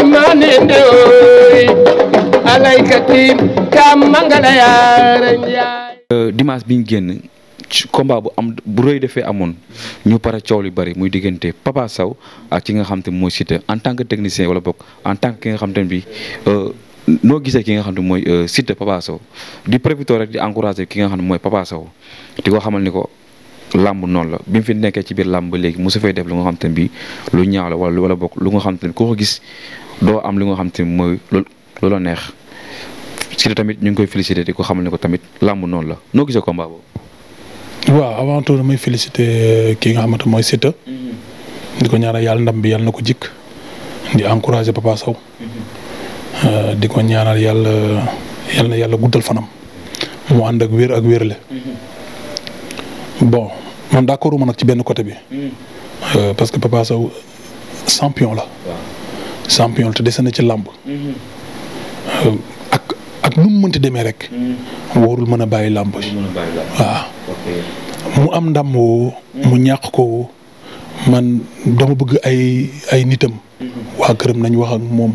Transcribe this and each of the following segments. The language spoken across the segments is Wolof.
immane ndewoy euh, dimanche bi ñu génn ci bu am bu rëy defee amoon ñu para coow li bëri muy diggante Papa Sow ak ki nga xam te mooy Siteu en tant que technicien wala bokk en tant que ki nga xam te bi euh, noo gisee ki nga xam ne mooy euh, Siteu Papa Sow di profité rek di encouragé ki nga xam ne mooy Papa saw di ko xamal ni ko làmb noonu la bi fi nekkee ci biir làmb ba léegi mosu fay def lu nga xam te bi bii lu ñaaw la wala wala bokk lu nga xam te ne ku ko gis doo am li nga xam te ne mooy loola neex ci si tamit ñu ngi koy félicité di ko xamal ne ko tamit làmb noon la noo gisee combat boobu. waaw avant tout damay félicité euh, kii nga xamante mooy Siteu. Mm-hmm. di ko ñaanal yàlla ndam bi yàlla na ko jikk di encouragé Papa Sow. Mm-hmm. Euh, di ko ñaanal yàlla yàlla yàlla guddal fanam. mu ànd ak wér ak wérle. Mm-hmm. bon man d'accord ma nag ci benn côté bi. Euh, parce que Papa Sow champion la. champion te dese na ci làmb mm-hmm. ak ak nu mu mënti demee rek. Mm-hmm. warul mën a bàyyi làmb ji. waaw mu am ndàmb woo. mu mm-hmm. ñàkk ko man dama bëgg ay ay nitam. waa këram nañ wax moom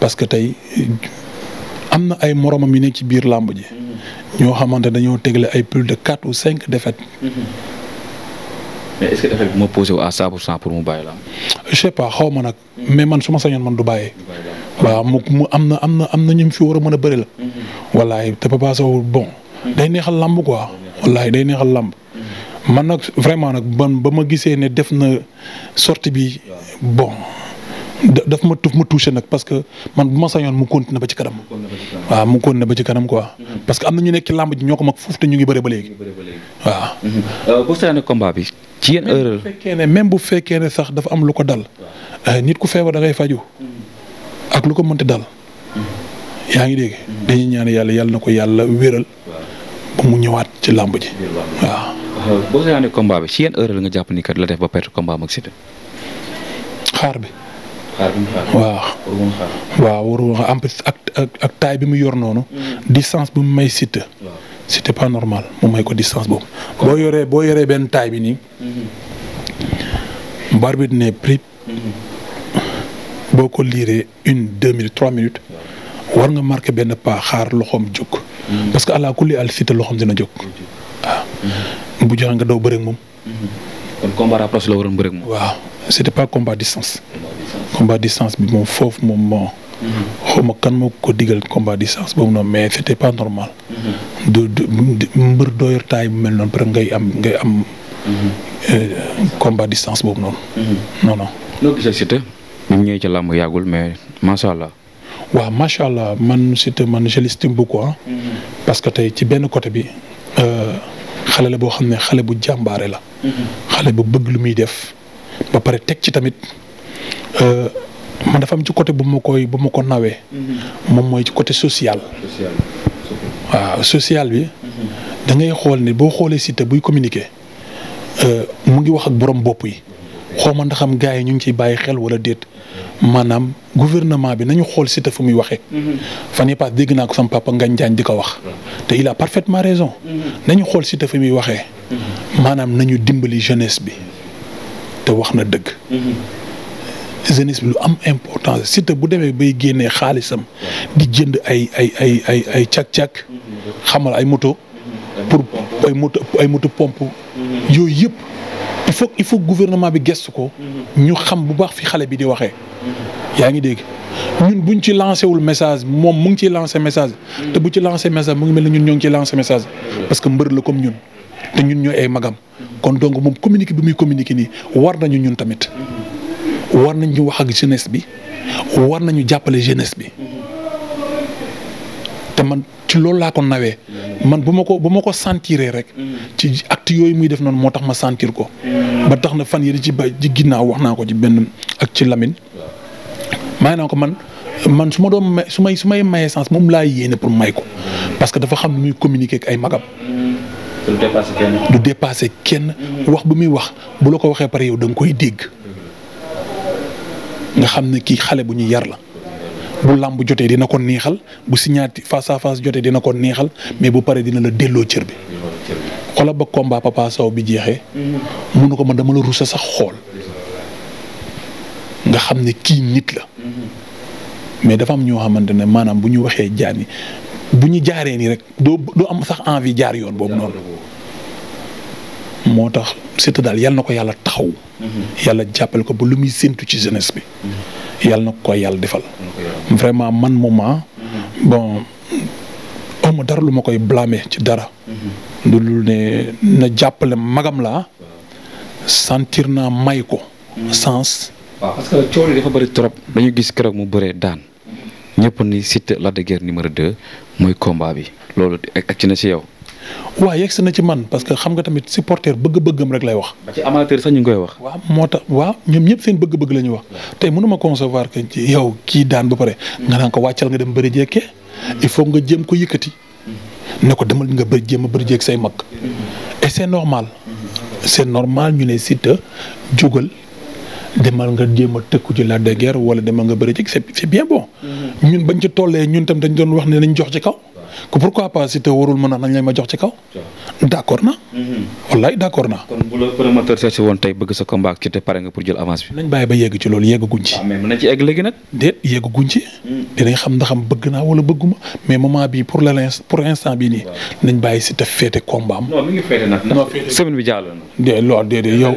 parce que tey am na ay moromam yu ne ci biir làmb ji. ñoo xamante dañoo tegle ay plus de quatre ou cinq défaites. mais est-ce que effet bi moo posé la je pas xaw ma nag. mais man su ma sañoon man du bàyyi. waaw mu mu am na am na am na ñu fi war a mën a bëri la. wallaay te Papa Sow bon. day neexal làmb quoi. wallaay day neexal làmb. man nag vraiment nag man ba ma gisee ne def na sortie bi bon. daf ma tuf ma touché nag parce que man bu ma sañoon mu continué ba ci kanam. waaw mu continué ba ci kanam quoi. parce que am na ñu nekk ci làmb ji ñoo ko mag foofu te ñu ngi bëre ba léegi. waaw. Euh, boo seetaanee combat bi. ci yenn heure la même bu fekkee ne sax dafa am lu ko dal. Euh, nit ku feebar da ngay ak lu ko mënti dal. yaa ngi dégg. dañuy ñaan yàlla yàlla na ko yàlla wéral. mu ñëwaat ci làmb ji. waaw. Euh, boo seetaanee combat bi ci yenn heure la nga jàpp ni kat la def ba perte combat mag Siteu. xaar bi. waaw waaw waru en ak ak taay bi mu yor noonu mm-hmm. distance bu may site c'était pas normal mu may ko distance boobu boo yoree boo yoree benn taay bi ni mm-hmm. barbit bi ne prix mm-hmm. boo ko une deux minutes trois minutes war nga marqué ben pas xaar loxom jóg parce que àla kulli al Siteu loxoom dina jóg bu joxe nga daw bëreeg mom kon combat rapproché la waroon bëreeg mom waaw c'était pas combat distance combat distance bi moom foofu moom moo. xaw ma kan mo ko digal combat distance boobu non mais c'était pas normal. du du mbër dooyor taay bu mel noonu peut ngay am ngay am. Euh, combat distance boobu non non non. noo gisee c'était ñu ñëw ci lamb yagul mais macha wa waaw man Siteu man je l'estime beaucoup hein. parce que tay ci ben côté bi euh, xalé la bo xamné ne bu jambaré la. xalé bu bëgg lu muy def ba paré teg ci tamit. man euh, dafa ci côté bu ma koy bu ma ko nawee. Mm-hmm. moom mooy ci côté sociale waaw social bi. Mm-hmm. da ngay xool ni boo xoolee Siteu buy communiquer euh, mu ngi wax ak borom bopp yi. xaw ma ndaxam gars yi ñu ngi ciy bàyyi xel wala déet maanaam gouvernement bi nañu xool Siteu fu muy waxee. Mm-hmm. fan yii paas dégg naa ko sama papa Ngagne Diagne ko wax. te il a parfaitement raison. nañu xool Siteu fu muy waxee. maanaam nañu dimbali jeunesse bi te wax na dëgg. jeunesse bi lu am importance surtout bu démé bay guéné xalissam di jënd ay ay ay ay ay tiak tiak xamal ay moto pour ay moto ay moto pompe yoy yëpp il faut il faut gouvernement bi gestu ko ñu xam bu baax fi xalé bi di waxé yaa ngi dégg ñun buñ ci lancé wul message mom mu ngi ci lancé message te bu ci lancé message mu ngi mel ñun ñong ci lancé message parce que mbeur la comme ñun té ñun ñoy ay magam kon donc mom communiquer bi muy communiquer ni war nañu ñun tamit war nañ ñu wax ak jeunesse bi war nañu jàppale jeunesse bi te man ci loolu laa ko nawee man bu ma ko bu ma ko sentiree rek ci act yooyu muy def noonu moo tax ma sentir ko ba tax na fan yii ci ci ginnaaw wax naa ko ci benn ak ci Lamine may naa ko man man su ma doon may su may su may maye sens moom laa yéene pour may ko parce que dafa xam nu muy communique ak ay magam. du dépasser kenn. kenn wax bu muy wax bu la ko waxee pare yow da koy dégg. nga xam ne kii xale bu ñu yar la bu làmb jotee dina ko neexal bu signaati face à face jotee dina ko neexal mais bu paree dina la delloo cër bi xoolal ba combat papa Sow bi jeexee. mu ne ko man dama la rusa sax xool nga xam ne kii nit la. mais dafa am ñoo xamante ne maanaam bu ñu waxee jaan yi bu ñu jaaree nii rek doo doo am sax envie jaar yoon boobu noonu. moo tax Siteu daal yal na ko yàlla taxaw. Mhm. yàlla jàppale ko ba lu muy séntu ci jeunesse bi. Mhm. yàlla na ko yàlla defal. vraiment man moment mhm. bon awma dara lu ma koy blâmer ci dara. lu lu ne na jàppale magam laa. sentir na may ko. sens. waaw parce que coow li dafa bëri trop. dañu gis keroog mu bëree daan. ñëpp ni Siteu la de Guiers numéro 2 mooy combat bi. loolu ak ci na si yow. waaw yegg si na ci man parce que xam nga tamit supporter bëgg-bëggam rek lay wax. ba ci amateur sax ñu ngi koy wax. waaw moo tax waaw ñoom ñëpp seen bëgg-bëgg la ñuy wax tey mënuma concevoir que ci yow kii daan ba pare. Hmm. nga naan ko wàccal nga dem bari jekke hmm. il faut nga jéem ko yëkkati. Hmm. ne ko demal nga bëri jéem a bëri jeeg say mag. e c'est normal. c'est normal ñu ne Siteu jógal demal nga jéem a tëkku ci la de guerre wala demal nga bëri jeeg c'est c'est bien bon. ñun bañ ci tollee ñun tam dañ doon wax ne nañ jox ci kaw. ko pourquoi pas Siteu warul mën a nañ lay ma jox ci kaw. d'accord na. Mhm. wallaay d' accord na. kon bu la promoteur seet won tay tey bëgg sa combat ci te paré nga pour jël avance bi. nañ baye ba yegg ci yegg guñ ci. Ah, mais mën ci egg nak nag. yegg guñ ci. Mm. dinañ xam ndax am bëgg na wala bëgguma mais moment bi pour l'instant pour l'instant bi ni nañ baye ci Siteu fété combat am. non mi ngi fété nak non semaine bi jàll na. de loolu déedéet yow.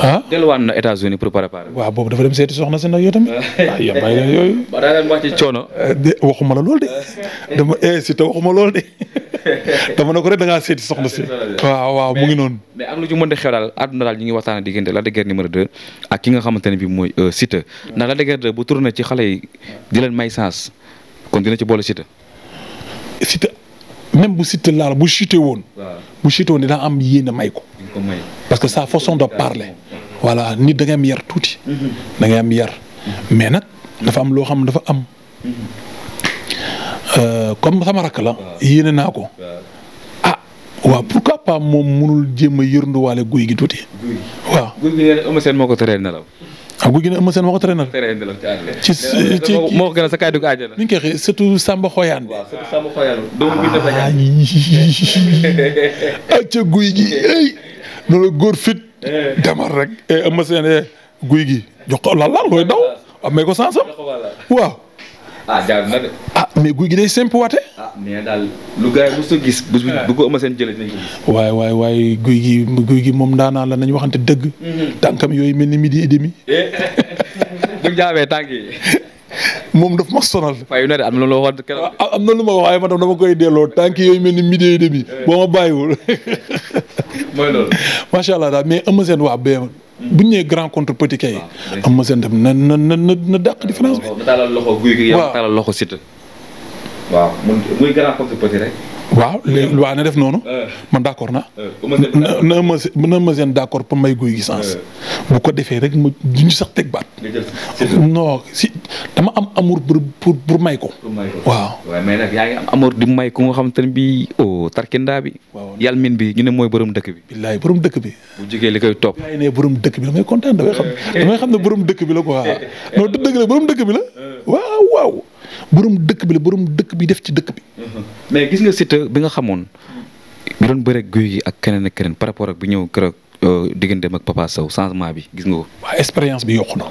ah delluwaat na États-Unis pour préparer. wa bobu dafa dem séti soxna sa nag yow tamit. Ah, ya baye yoy ba da lan wax ci choono eh, waxuma la loolu de dama é ci taw waxuma loolu de dama ne ko rek da ngaa seeti si. Ah, waaw waaw mu ngi noonu. mais ak lu ci mën de xew daal àdduna daal ñu diggante Lac de Guiers ak ki nga xamante ne bii mooy euh, Siteu ndax Lac de Guiers 2 ci xale yi di leen may chance kon dina ci boole même bu Siteu laal bu Siteu woon. bu Siteu woon dina am yéene may ko. parce que sa façon de parler. voilà nit da tuuti. da ngay am yar mhm. mhm. mais nag dafa am loo xam dafa am. Mhm. comme sama rakk la. yéene naa ko. ah waaw pourquoi pas moom munul jéem a yërnduwaale guy gi tuuti. waaw guy gi yéen Eumeu Sène moo ko teree nelaw. ah guy gi ne Eumeu a sa kàddu Samba Xoyaan. bi dafa ah, ñaan guy gi ay loolu góor fit. Eh. demal rek eh, Eumeu Sène eh, guy gi jox ko laal laal looy daw. ko sansam waaw. ah jaag na de. ah mais guy gi day simple waate. ah mais lu gars gis. bu ah. seen jëlee dinañ ko waaye waaye waaye guy gi guy gi moom daanaa la nañu waxante dëgg. Mhm. tànkam yooyu mel ni midi et demi. Eh. tànk moom daf ma sonal. waaye na am na lu ma wax am na lu ma wax waaye ma dama koy delloo tànk yooyu mel ni midi et demi eh. boo ma bàyyiwul. mooy allah daal mais ëmb seen waa bee bu ñu nee grand contre petit kay. Ah, am ma seen dem na na na na dàq différence bi. waaw na taalal loxo guy waaw muy grand rek. waaw léegi waaw na def noonu. Euh. man d' accord euh, na. na na ma seen d' accord pour may guy licence. Euh. bu ko defee rek ma duñ sax teg baat. non si dama am amur pour pour pour may ko. waaw. waaw mais nag yaa ngi am amour di may ko nga xam te ne bii oh tarkindaa bi. waaw yàlla min bi ñu ne mooy borom dëkk bi. billaay borom dëkk bi. bu jigee li koy topp. yaa ne dëkk bi damay kontaan damay xam damay xam ne borom dëkk bi la quoi. non dëgg la borom dëkk bi la. waaw waaw. borom dëkk bi la borom dëkk bi def ci dëkk bi. Mm-hmm. mais gis nga Siteu bi nga xamoon. bi doon bëreeg guy gi ak keneen ak keneen par rapport ak bi ñëw keroog euh, digganteem ak Papa Sow changement bi gis nga ko. waaw expérience bi yokku na.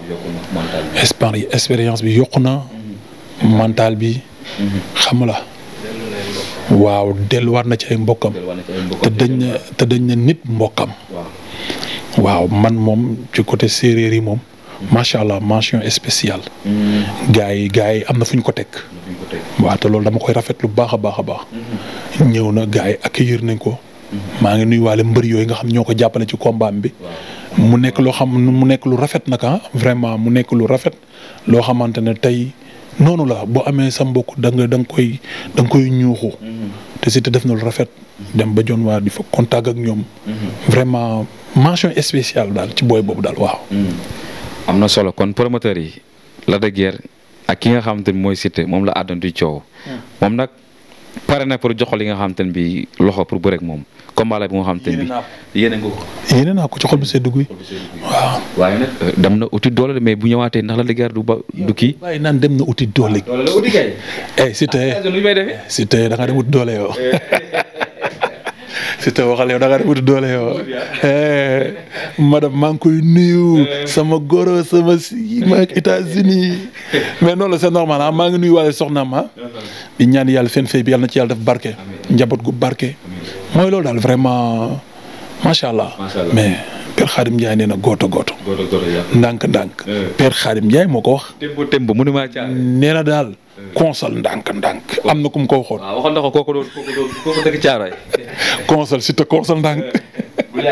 expérience bi yokku na. Mm-hmm. mental bi. Mm-hmm. xam la waaw delluwaat na ci ay mbokkam. te dañ na dañ na nit mbokkam. waaw man moom ci côté séeréer yi moom. macha allah mention spéciale. gars yi gars yi am na fu ñu ko teg. waaw te loolu dama koy rafet lu baax a baax a baax. ñëw na gars yi accueillir nañ ko. maa ngi nuyuwaale mbër yooyu nga xam ñoo ko jàppale ci combat bi. mu nekk loo xam mu nekk lu rafet naka ah, vraiment mu nekk lu rafet loo xamante ne tey. noonu la boo amee sa mbokk da nga koy da koy ñuuxu. te si te def na lu rafet. dem ba jon waa di fa contact ak ñoom. vraiment mansion spéciale daal ci booy boobu daal waaw. am na solo kon promoteur yi la de guerre ak ki nga xamante ni mooy Siteu moom la àddantuy coow hmm. moom nag pare na pour jox li nga xamante ne bii loxo pour bëreeg moom combat la bi nga xamante ne bii. yéene naa ko yéene naa ko ci xol bi sedd guy. Euh, dem na uti doole mais bu ñëwaatee ndax la dëgg du ba du naan dem na uti doole. Ah, doole c'était waxale yow da nga wut doole yow eh madame mang koy nuyu sama goro sama ma états-unis mais non c'est normal ma ngi nuyu walé soxna ma di ñaan yalla fen fey bi yalla na ci yalla def barké njabot gu barké moy lool dal vraiment machallah mais per Khadim jaay nena goto goto goto goto ya ndank ndank eh. per Khadim jaay moko wax tembo tembo munuma ci nena dal consal ndànk ndànk am na ku mu ko waxoon. waaw waxoon na ko kooku doon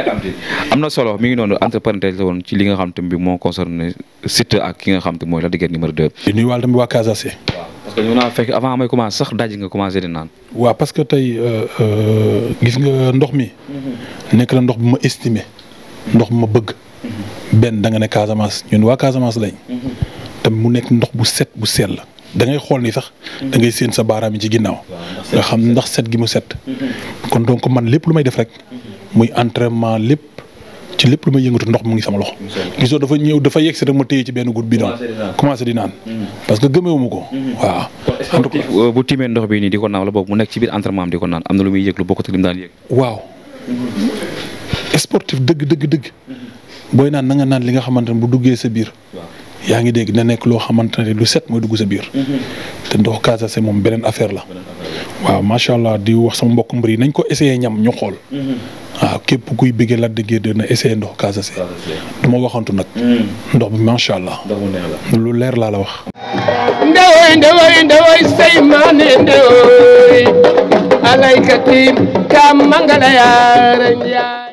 na solo mi ngi noonu entre parenthèse woon ci li nga xam te bi moo concerné Siteu ak ki nga xam te mooy Lac de di nuyuwaale tamit waa Casacé. waaw parce fekk avant may commencé sax daaj nga commencé di naan. waaw parce que euh, euh, gis nga ndox mi. Mhm. nekk ndox bu ma estimé. ndox bu ma bëgg. Mhm. benn da nga ne Casamance ñun waa Casamance lañ. Mhm. te mu nekk ndox bu set bu la da ngay xol ni sax da ngay seen sa baram ci ginnaw nga xam ndax set gi mu set kon donc man lepp lu may def rek muy entraînement lepp ci lepp lu may yëngatu ndox mu ngi sama loxo gisoo dafa ñew dafa yegg si rek ma téye ci benn goutte bidon commencé di nan parce que gëmeewuma ko waaw bu timé ndox bi ni diko ko la bok mu nekk ci biir entraînement am diko nan amna lu muy yëg lu bokku ak lim daan yëg waaw sportif deug deug deug boy nan na nga nan li nga xamantene bu duggé sa biir yaa ngi dégg na nekk loo xamante ne lu set mooy dugg sa biir. Mm-hmm. te ndox Casa c'est moom beneen affaire la. waaw macha allah di wax sama mbokk mbër yi nañ ko essayé ñam ñu xool. Mm-hmm. waaw képp kuy bëggee Lac de Guiers dina essayé ndox Casa c'est du waxantu nag. Mm. ndox bi macha allah. lu leer laa la wax. ndewooy ndewooy ndewooy say maane ndewooy alaykati kaam mangala yaara njaay